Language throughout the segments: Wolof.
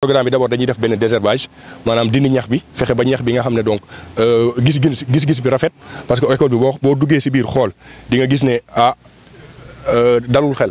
programme bi d'abord dañuy def benn désherbage maanaam dindi ñax bi fexe ba ñax bi nga xam ne donc euh, gis-gis gis-gis bi rafet parce que école bi boo boo duggee si biir xool di nga gis ne ah euh, dalul xel.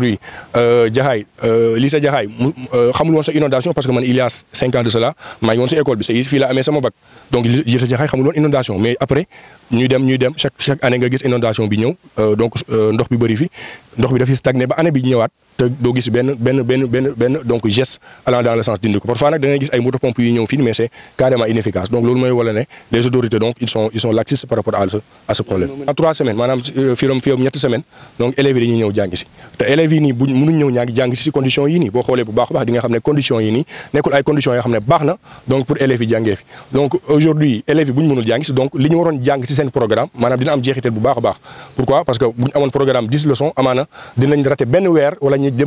aujourd'hui euh, Jaxaay euh, lycée Jaxaay euh, xamul sa inondation parce que man il cinq ans de cela maa ngi woon si école bi c'est fii la amee sama bac donc lycée Jaxaay nga gis inondation bi ñëw donc ndox bi bëri fi sens dindi ko parfois nag da gis ay moto pompe yu ñëw fii mais c'est carrément inefficace donc loolu mooy wala ne les autorités donc ils sont ils par rapport à ce problème. en trois semaines maanaam fii am fii am ñetti semaines donc élèves yi dañuy élèves yi nii buñ ñëw ñaa si condition yi nii boo xoolee bu baax a baax di nga xam ne condition yi nii nekkul ay conditions yoo xam ne baax na donc pour élèves yi jàngee fi donc aujourd'hui élèves yi bu ñu mënul jàng si donc li ñu waroon jàng si seen programme maanaam dina am jeexital bu baax a baax pourquoi parce que bu ñu amoon weer wala ñu nga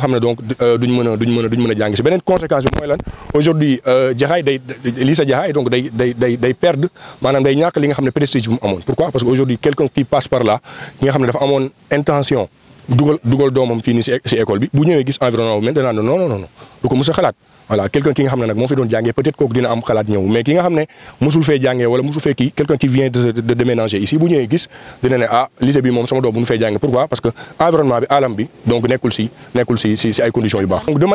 xam ne donc euh, duñ mën a duñ mën a duñ beneen conséquence bi mooy lan aujourd'hui euh, jaxaay day Lycée Jaxaay donc li nga xam ne prestige bu mu amoon pourquoi parce que aujourd'hui quelqu'un qui passe par là ki xam ne dafa amoon intention dugal dugal doomam fii nii si si école bi bu ñëwee gis environnement bu mel danaa ne non non non du a xalaat voilà quelqu'un ki nga xam ne nag moo fi doon jàngee peut-être kooku dina am xalaat ñëw mais ki nga xam ne mosul fee jàngee wala mosul fee kii quelqu'un qui vient de de déménager ici bu ñëwee gis dina ne ah lycée bi moom sama doom fee jàngee pourquoi parce que environnement bi alam bi donc nekkul si nekkul si si ay conditions yu baax. donc de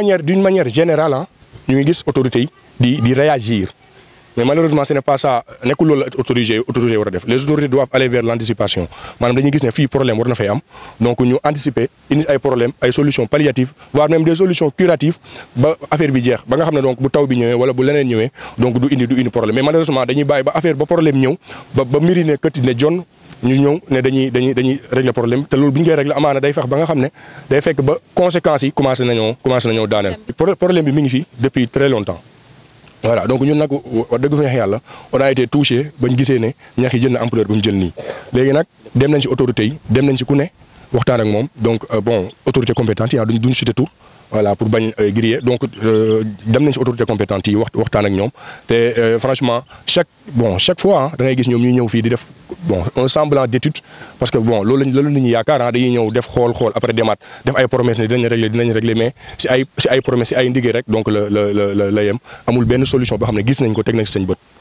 mais malheureusement ce n'est pas ça nekkul loolu la autorités autorités war a def les autorités doivent aller vers l'anticipation maanaam dañuy gis ne fii problème war na fay am donc ñu anticiper indi ay problème ay solutions palliatives voire même des solutions curatives ba affaire bi jeex ba nga xam ne donc bu taw bi ñëwee wala bu leneen ñëwee donc du indi du indi problème mais malheureusement dañuy bàyyi ba affaire ba problème ñëw ba ba mbir yi ne këtt ne jon ñu ne dañuy dañuy dañuy régler problème te loolu bu ñu koy régler amaana day fex ba nga xam ne day voilà donc ñun nag wax dëgg fa neex yàlla on a été touché bañ gisee ne ñax yi jël na ampleur bu mu jël nii léegi nag dem nañ ci autorité yi dem nañ ci ku ne waxtaan ak moom donc euh, bon autorité compétente yaa duñ duñ cité tur voilà pour bañ euh, griller donc euh, dem nañ si autorité compétente yi waxtu waxtaan ak ñoom te euh, franchement chaque bon chaque fois ah, da ngay gis ñoom ñuy ñëw fii di def bon un semblant d'étude parce que bon loolu lañ yaakaar ah dañuy ñëw def xool xool après demaat def ay promesse ne dinañ régler dinañ régler mais si ay si ay promesse si ay ndigee rek donc la la la yem amul benn solution boo xam ne gis nañ ko teg nañ si seen bët.